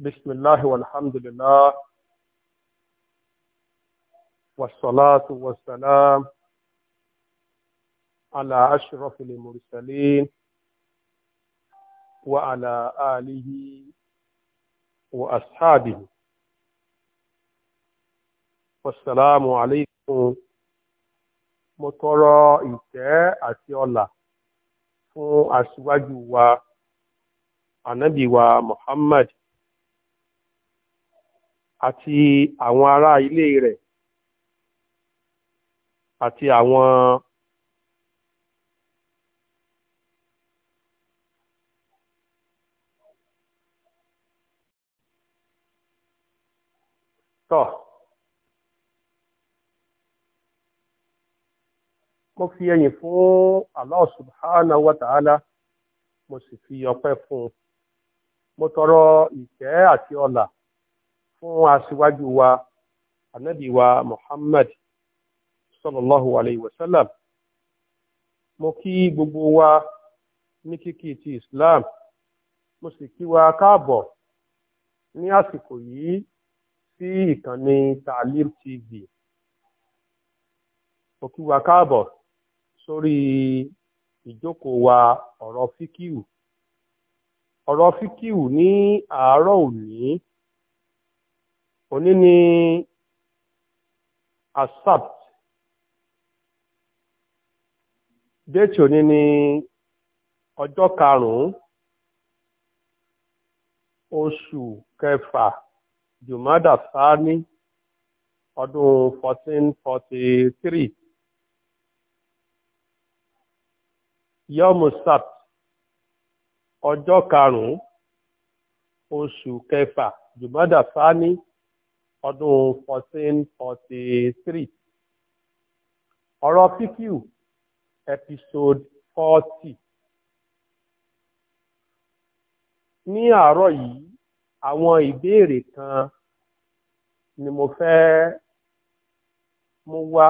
بسم الله والحمد لله والصلاة والسلام على أشرف المرسلين وعلى آله وأصحابه والسلام عليكم mo tọrọ ìtẹ́ àti ọlà fún aṣíwájú àti àwọn ará ilé rẹ̀ àti àwọn tọ́ mo fi ẹ̀yìn fún Allah subhana wa ta'ala mo sì fi ọpẹ́ fún un mo tọrọ ìkẹ́ àti ọlà fún aṣíwájú wa ànábì wa Muhammad sallallahu alayhi wa sallam mo kí gbogbo wa ní kíkí ti Islam mo sì kí wa káàbọ̀ ní àsìkò yìí sí ìkànnì Taalim TV mo kí wa káàbọ̀ sórí ìjókòó wa ọ̀rọ̀ fíkìú ọ̀rọ̀ fíkìú ní àárọ̀ òní òní ni asabt déètì òní ni ọjọ́ karùn-ún oṣù kẹfà jùmọ́dà sáání ọdún 1443 yọ́mù sabt ọjọ́ karùn-ún oṣù kẹfà jùmọ́dà sáání 1443 ọdún 1443 ọ̀rọ̀ pq episode 40 ní àárọ̀ yìí àwọn ìbéèrè kan ni mo fẹ́ mú wá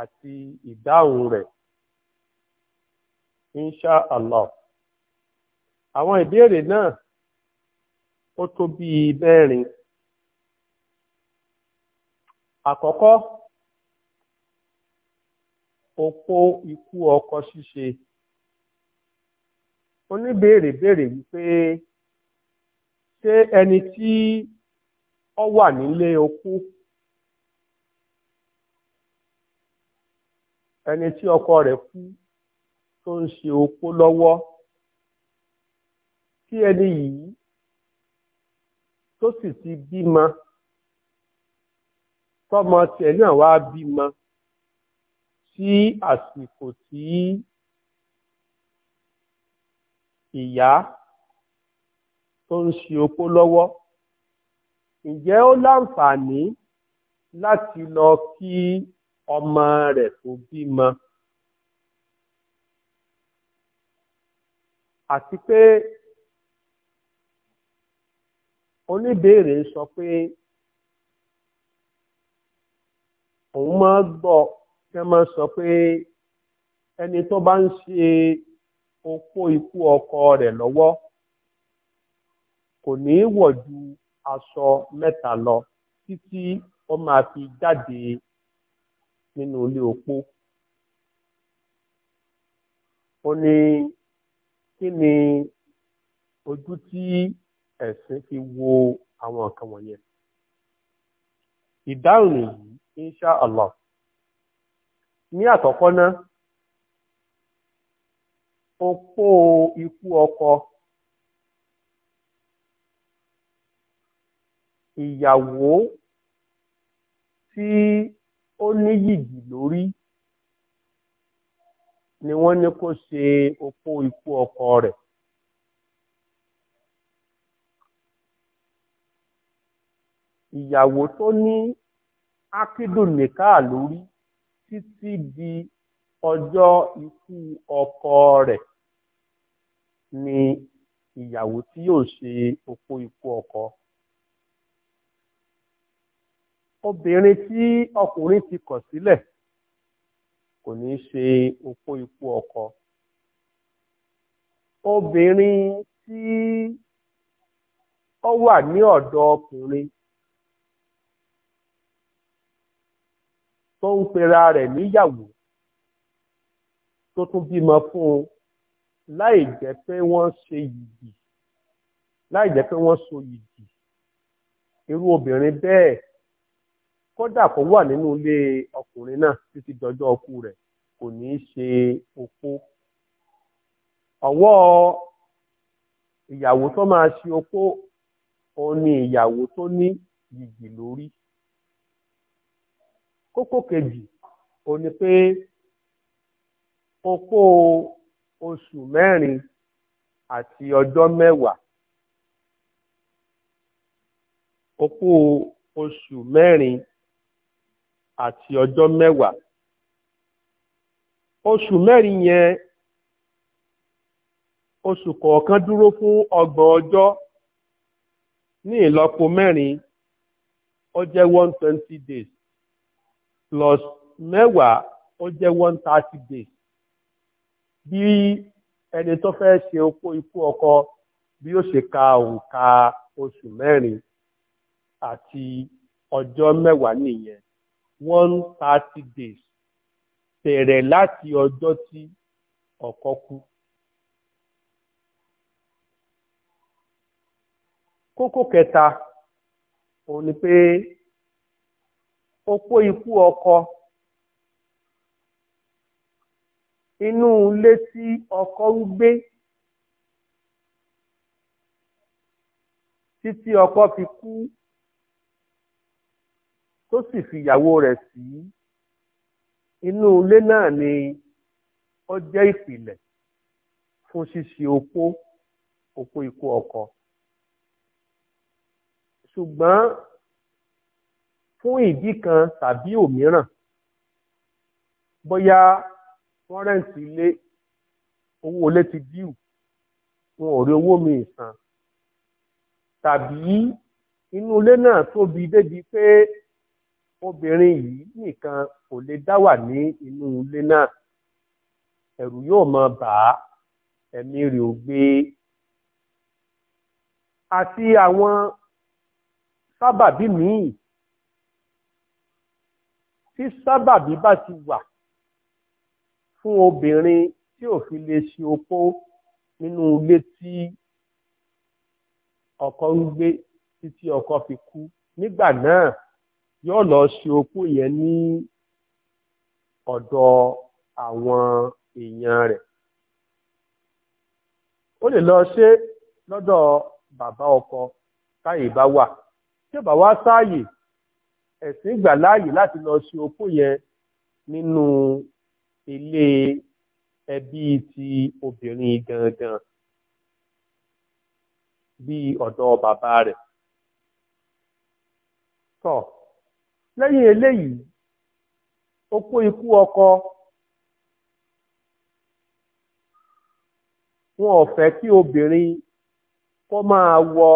àti ìdáhùn rẹ̀ insha allah àwọn ìbéèrè náà ó tó bíi mẹ́rin àkọ́kọ́ òpó ikú ọkọ ṣíṣe oníbèrè béèrè wípé ṣé ẹni tí ọ wà nílé okú ẹni tí ọkọ rẹ kú tó ń ṣe opó lọwọ tí ẹni yìí tó sì ti bímọ. Si tọ́mọ tiẹ̀ náà wá bímọ sí àsìkò tí ìyá tó ń ṣe opó lọ́wọ́ ǹjẹ́ ó láǹfààní láti lọ kí ọmọ rẹ̀ tó bímọ àti pé oníbèrè sọ pé. òun máa gbọ́ kẹ́ máa sọ pé ẹni tó bá ń ṣe opó ikú ọkọ rẹ̀ lọ́wọ́ kò ní í wọ̀ ju aṣọ mẹ́ta lọ títí ó máa fi jáde nínú ilé opó. ó ní kí ni ojú tí ẹ̀sìn fi wo àwọn nǹkan wọ̀nyẹn. ìdáhùn insha allah ní àkọ́kọ́ náà opó ikú ọkọ ìyàwó tí ó ní yìgì lórí ni wọ́n ní kó ṣe opó ikú ọkọ rẹ̀. ìyàwó tó ní ákídù nìka lórí títí di ọjọ́ ikú ọkọ rẹ̀ ni ìyàwó tí yóò ṣe opó ikú ọkọ. obìnrin tí ọkùnrin ti kọ̀ sílẹ̀ kò ní ṣe opó ikú ọkọ. obìnrin tí ó wà ní ọ̀dọ̀ ọkùnrin tó ń pera rẹ̀ níyàwó tó tún bímọ fún un láì jẹ́ pé wọ́n ṣe yìí láì jẹ́ pé wọ́n so yìí irú obìnrin bẹ́ẹ̀ kódà kó wà nínú ilé ọkùnrin náà títí dọjọ́ ọkú rẹ̀ kò ní í ṣe okó ọwọ́ ìyàwó tó máa ṣe okó òun ni ìyàwó tó ní yìí lórí kókó kejì ò ní pé opó oṣù mẹ́rin àti ọjọ́ mẹ́wàá opó oṣù mẹ́rin àti ọjọ́ mẹ́wàá oṣù mẹ́rin yẹn oṣù kọ̀ọ̀kan dúró fún ọgbọ̀n ọjọ́ ní ìlọ́po mẹ́rin ó jẹ́ one twenty days plus mẹ́wàá ó jẹ́ one thirty days bí ẹni tó fẹ́ ṣe opó ikú ọkọ bí ó ṣe ka òǹkà oṣù mẹ́rin àti ọjọ́ mẹ́wàá nìyẹn one thirty days bẹ̀rẹ̀ láti ọjọ́ tí ọkọ kú. kókó kẹta òun ni pé opó ikú ọkọ inú ilé tí ọkọ ń gbé títí ọkọ fi kú tó sì fìyàwó rẹ̀ sí inú ilé náà ni ó jẹ́ ìpìlẹ̀ fún ṣíṣe opó opó ikú ọkọ ṣùgbọ́n fún ìdí kan tàbí òmíràn bóyá wọ́n rẹ̀ǹtì ilé owó ilé ti díù wọn ò rí owó mi san tàbí inú ilé náà tóbi débi pé obìnrin yìí nìkan kò lè dá wà ní inú ilé náà ẹ̀rù yóò máa bà á ẹ̀mí rẹ̀ ò gbé àti àwọn sábàbí míì tí sábàbí bá ti wà fún obìnrin tí ò fi lè ṣe opó nínú ilé tí ọkọ ń gbé títí ọkọ fi kú nígbà náà yóò lọ ṣe opó yẹn ní ọ̀dọ̀ àwọn èèyàn rẹ̀ ó lè lọ ṣe lọ́dọ̀ bàbá ọkọ táyè bá wà tí ó bá wá sáàyè ẹ̀sìn gbà láàyè láti lọ ṣe opó yẹn nínú ilé ẹbí ti obìnrin gangan bí ọ̀dọ̀ bàbá rẹ̀. tọ́ lẹ́yìn eléyìí opó ikú ọkọ wọn ò fẹ́ kí obìnrin kó máa wọ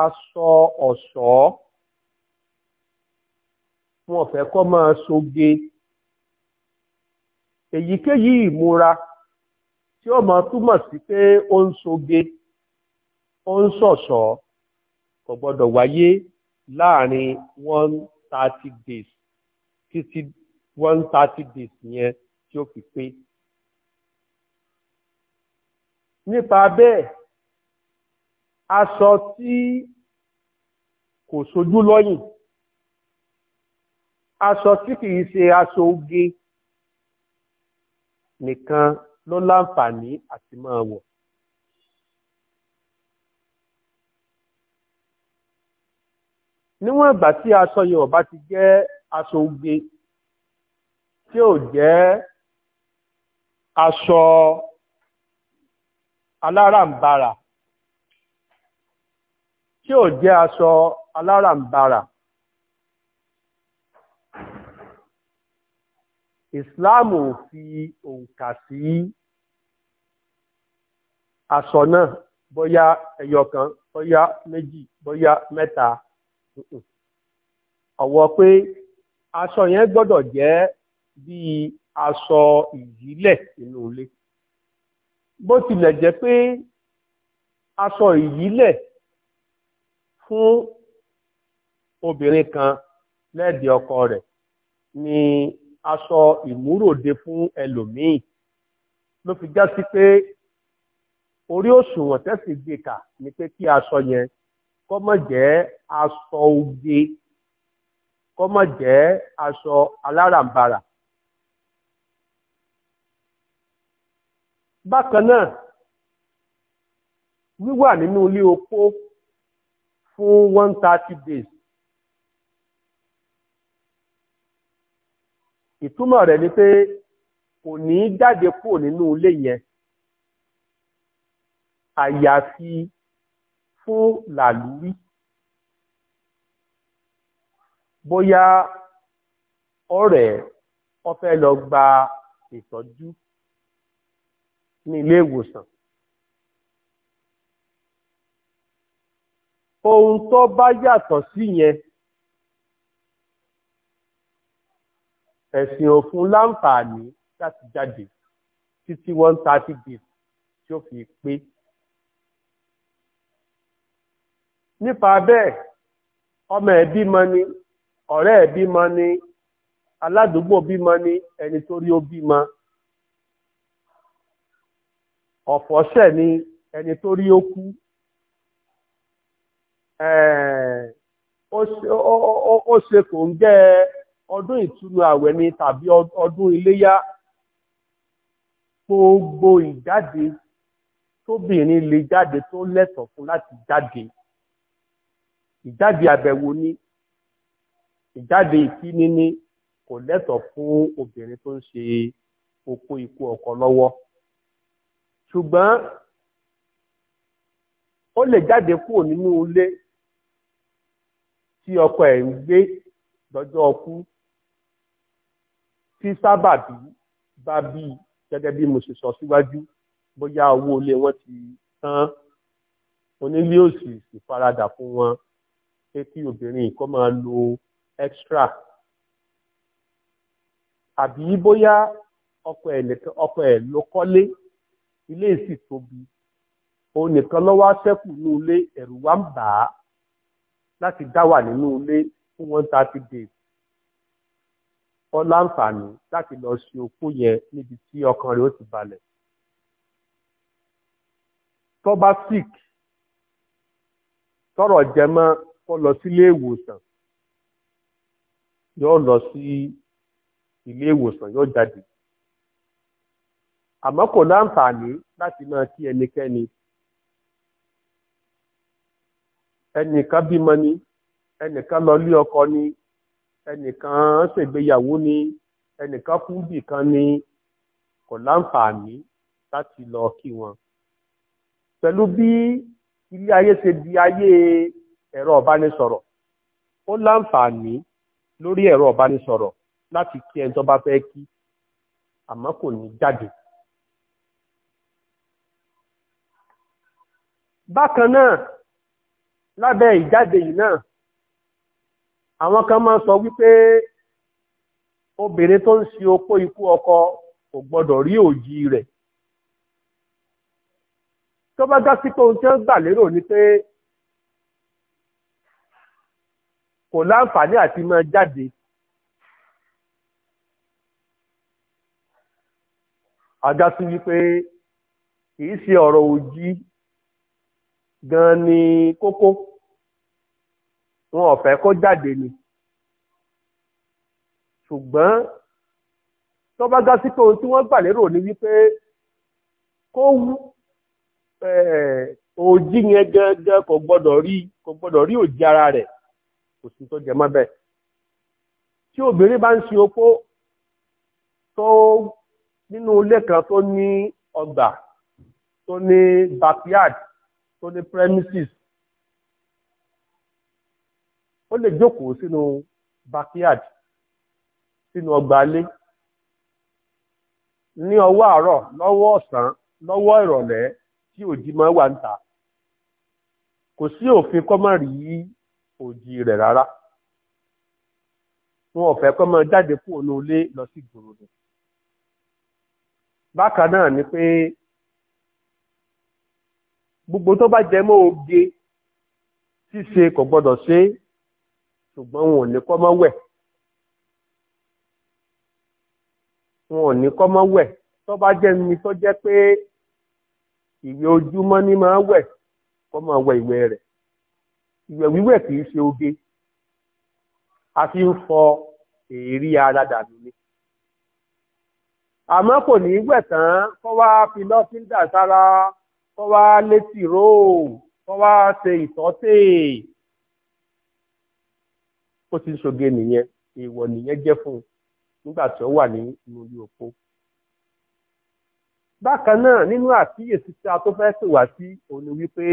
aṣọ ọ̀ṣọ́ wọn fẹ́ kọ́ máa soge èyíkéyìí ìmúra tí ó máa túmọ̀ sí pé ó ń soge ó ń ṣọ̀ṣọ́ kò gbọ́dọ̀ wáyé láàrin one thirty days títí one thirty days yẹn tí ó fi pé. nípa bẹ́ẹ̀ aṣọ tí kò sojú lọ́yìn aṣọ tí kìí ṣe aṣọ oge nìkan ló láǹfààní àti máa wọ̀. níwọ̀n ìgbà tí aṣọ yẹn bá ti jẹ́ aṣọ oge tí ò jẹ́ aṣọ aláràǹbarà tí ò jẹ́ aṣọ aláràǹbarà islam ò fi òǹkà sí aṣọ náà bóyá ẹyọ kan bóyá méjì bóyá mẹ́ta ọ̀wọ́ pé aṣọ yẹn gbọ́dọ̀ jẹ́ bíi aṣọ ìyílẹ̀ inú ilé bó tilẹ̀ jẹ́ pé aṣọ ìyílẹ̀ fún obìnrin kan lẹ́ẹ̀dẹ̀ ọkọ rẹ̀ ni aṣọ ìmúròde fún ẹlòmíì ló fi já sí pé orí òṣùwọ̀n tẹ́sí gbé kà ni pé kí aṣọ yẹn kó má jẹ́ aṣọ oge kó aṣọ aláràǹbarà. bákan náà wíwà nínú ilé opó fún one thirty days ìtumọ̀ rẹ̀ ni pé kò ní jáde kúrò nínú ilé yẹn àyàfi fún làlúrí bóyá ọ̀rẹ́ ó fẹ́ lọ gba ìtọ́jú ní ilé ìwòsàn ohun tó bá yàtọ̀ sí yẹn ẹ̀sìn òfin láǹfààní láti jáde títí one thirty days tí ó fi pé. nípa bẹ́ẹ̀ ọmọ ẹ̀ bímọ ni ọ̀rẹ́ ẹ̀ bímọ ni aládùúgbò bímọ ni ẹni tó rí ó bímọ ọ̀fọ̀ṣẹ̀ ni ẹni tó rí ó kú ó ṣe kò ń gẹ́ ẹ ọdún ìtúnu àwẹ̀ ni tàbí ọdún iléyá gbogbo ìjáde tóbìnrin lè jáde tó lẹ́tọ̀ọ́ fún láti jáde ìjáde àbẹ̀wò ni ìjáde ìkíní ni kò lẹ́tọ̀ọ́ fún obìnrin tó ń ṣe okó ikú ọkọ lọ́wọ́ ṣùgbọ́n ó lè jáde kúrò nínú ilé tí ọkọ ẹ̀ ń gbé lọ́jọ́ ọkú tí sábàbí bá bí gẹ́gẹ́ bí mo ṣe sọ síwájú bóyá owó ilé wọn ti tán onílé òsì sì faradà fún wọn pé kí obìnrin kó máa lo extra àbí bóyá ọkọ ẹ̀ ọkọ ẹ̀ ló kọ́lé ilé sì tóbi òun nìkan lọ́wọ́ sẹ́kù nínú ilé ẹ̀rù wa ń bà á láti dá wà nínú ilé fún one thirty days ọ láǹfààní láti lọ sí opó yẹn níbi tí ọkàn rẹ̀ ó ti balẹ̀ tó bá sick tọrọ jẹmọ́ kó lọ sí ilé ìwòsàn yóò lọ sí ilé ìwòsàn yóò jáde àmọ́ kò láǹfààní láti máa kí ẹnikẹ́ni ẹnìkan bímọ ni ẹnìkan lọ lé ọkọ ni ẹnìkan ṣègbéyàwó ni ẹnìkan kú bì kan ni kò láǹfààní láti lọ kí wọn. pẹ̀lú bí ilé ayé ṣe di ayé ẹ̀rọ ọ̀bánisọ̀rọ̀ ó láǹfààní lórí ẹ̀rọ ọ̀bánisọ̀rọ̀ láti kí ẹni tó bá fẹ́ kí àmọ́ kò ní jáde. bákan náà lábẹ́ ìjáde yìí náà àwọn kan máa sọ wípé obìnrin tó ń ṣe opó ikú ọkọ kò gbọdọ̀ rí òjì rẹ̀ tó bá dá sí pé ohun tí wọ́n gbà lérò ni pé kò láǹfààní àti máa jáde àga sí wípé kì í ṣe ọ̀rọ̀ òjì gan ni kókó. wọn ọ̀fẹ́ fẹ́ kó jáde ni ṣùgbọ́n tó bá gá sí tí wọ́n gbà lérò ni wípé kó wú òjì eh, yẹn gẹ́gẹ́ kò gbọ́dọ̀ rí kò gbọ́dọ̀ rí òjì ara rẹ̀ kò sí tó jẹ mọ́ bẹ́ẹ̀ tí obìnrin bá ń ṣe opó tó nínú ilé kan tó ní ọgbà tó ní backyard tó ní premises ó lè jókòó sínú backyard sínú ọgbà ilé ní ọwọ́ àárọ̀ lọwọ ọ̀sán lọ́wọ́ ìrọ̀lẹ́ tí òjì máa wà ń ta kò sí òfin kọ́ má rí òjì rẹ rárá wọn ò fẹ́ kọ́ má jáde kúrò ní ilé lọ sí ìgboro rẹ̀ bákan náà ni pé gbogbo tó bá jẹ mọ́ oge ṣíṣe kò gbọdọ̀ ṣe ṣùgbọ́n wọn ò ní kọ́ mọ́ wẹ̀ wọn ò ní kọ́ mọ́ wẹ̀ tó bá jẹ́ mi tó jẹ́ pé ojúmọ́ máa wẹ̀ kọ́ wẹ̀ rẹ̀ oge a fi ń fọ èérí ara ni àmọ́ kò ní wẹ̀ tán kọ́ wá fi lọ́síńdà sára kọ́ wá létí róò ó ti ń soge nìyẹn èèwọ̀ nìyẹn jẹ́ fún un nígbà tí ó wà ní orí òpó. bákan náà nínú àkíyèsí tí a tó fẹ́ pè wá sí òun ni wípé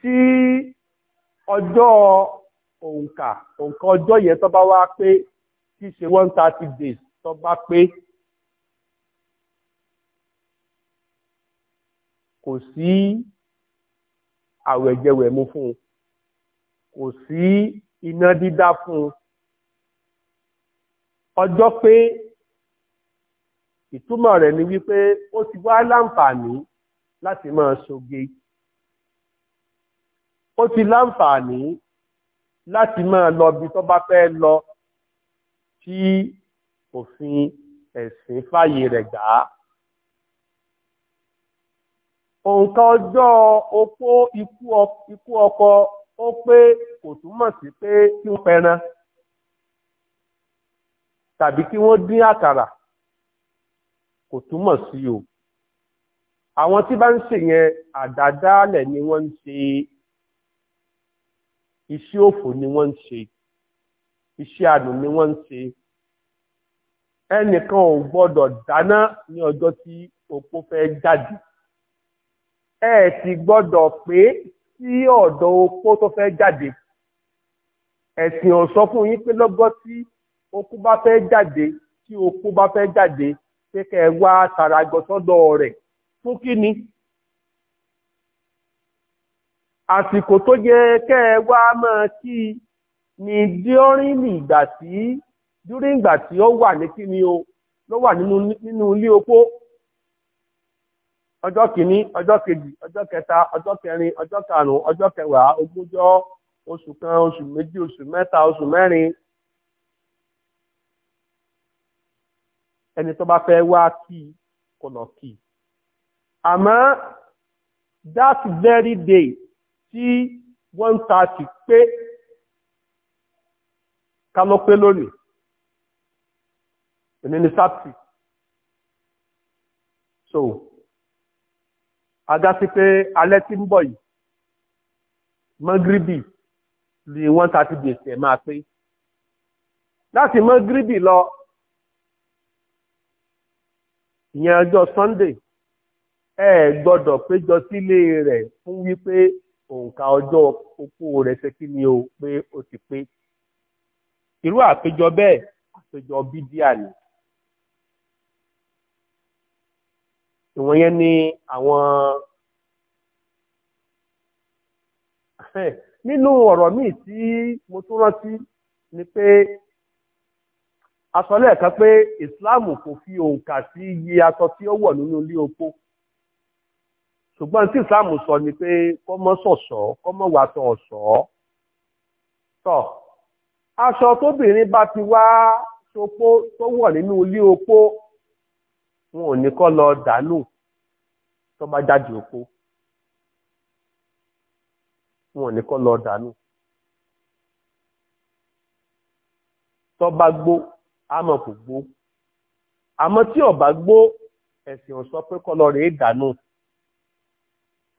tí ọjọ́ òǹkà òǹkà ọjọ́ yẹn tó bá wá pé tí í ṣe one thirty days tó bá pé kò sí àwẹ̀jẹwẹ̀ mú fún un kò sí iná dídá fún un ọjọ́ pé ìtumọ̀ rẹ̀ ni wípé ó ti wá láǹfààní láti máa ṣoge ó ti láǹfààní láti máa lọ bí tó bá fẹ́ lọ tí òfin ẹ̀sìn fàyè rẹ̀ gbà á òǹkà ọjọ́ opó ikú ọkọ ó pé kò túmọ̀ sí pé kí wọ́n pẹran tàbí kí wọ́n dín àkàrà kò túmọ̀ sí o àwọn tí bá ń ṣe yẹn àdádálẹ̀ ni wọ́n ń ṣe iṣẹ́ òfò ni wọ́n ń ṣe iṣẹ́ àdùn ni wọ́n ń ṣe ẹnìkan ò gbọ́dọ̀ dáná ní ọjọ́ tí opó fẹ́ jáde ẹ sì gbọ́dọ̀ pé sí ọ̀dọ̀ opó tó fẹ́ jáde ẹ̀sìn ò sọ fún yín pé lọ́gọ́ tí okú bá fẹ́ jáde tí okú bá fẹ́ jáde pé kẹ́ ẹ wá tàràgọ̀ sọ́dọ̀ rẹ̀ fún kí ni àsìkò tó yẹ kẹ́ ẹ wá máa kí ni díọ́rìnì ìgbà tí dúró ìgbà tí ó wà ní kí ni o ló wà nínú ilé opó. ọjọ́ kìíní ọjọ́ kejì ọjọ́ kẹta ọjọ́ kẹrin ọjọ́ karùn-ún ọjọ́ kẹwàá ogúnjọ́ oṣù kan oṣù méjì oṣù mẹ́ta oṣù mẹ́rin ẹni tó bá fẹ́ wá kí kò lọ kí àmọ́ that very day tí one thirty pé ká ló pé lónìí èmi ni sábtì so agasi pé alẹ́ tí ń bọ̀ yìí mọ́gíríbì ni one thirty days ẹ̀ máa pé láti mọ́gíríbì lọ ìyẹn ọjọ́ Sunday ẹ gbọ́dọ̀ péjọ sílé rẹ̀ fún wípé òǹkà ọjọ́ opó rẹ̀ ṣe kí ni o pé o ti pé irú àpéjọ bẹ́ẹ̀ àpéjọ bídíà ni. ìwọ̀n yẹn ni àwọn nínú ọ̀rọ̀ míì tí mo tún rántí ni pé aṣọ lẹ́ẹ̀kan pé ìsìláàmù kò fi òǹkà sí iye aṣọ tí ó wọ̀ nínú ilé opó ṣùgbọ́n tí ìsìláàmù sọ ni pé kọ́mọ ṣọ̀ṣọ́ kọ́mọ wàṣọ ọ̀ṣọ́ tọ́ aṣọ tóbìnrin bá ti wá ṣopó tó wọ̀ nínú ilé opó wọn ò ní kọ́ lọ dànù tó bá jáde òpó wọn ò ní kọ́ lọ dànù tó bá gbó àmọ́ kò gbó àmọ́ tí ò bá gbó ẹ̀sìn ò sọ pé kọ́ lọ rèé dànù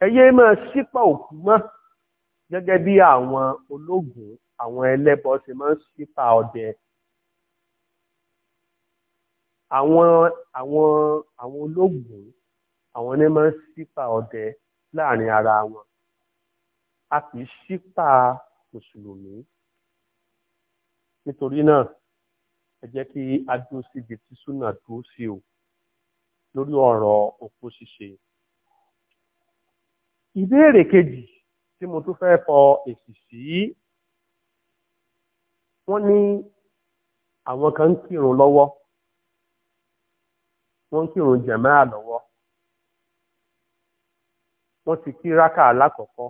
ẹyẹ máa ṣípà òkú mọ́ gẹ́gẹ́ bí àwọn ológun àwọn ẹlẹ́bọ ṣe máa ń ṣípà ọdẹ àwọn àwọn àwọn ológun àwọn ní máa ń ṣípà ọdẹ láàrin ara wọn a kì í ṣípà mùsùlùmí nítorí náà ẹ jẹ́ kí a dúró síbi tí súnà dúró sí o lórí ọ̀rọ̀ òpó ṣíṣe ìbéèrè kejì tí mo tún fẹ́ fọ èsì sí wọ́n ní àwọn kan ń kírun lọ́wọ́ wọ́n ń kírun jàmáà lọ́wọ́ wọ́n ti kí rákà alákọ̀ọ́kọ́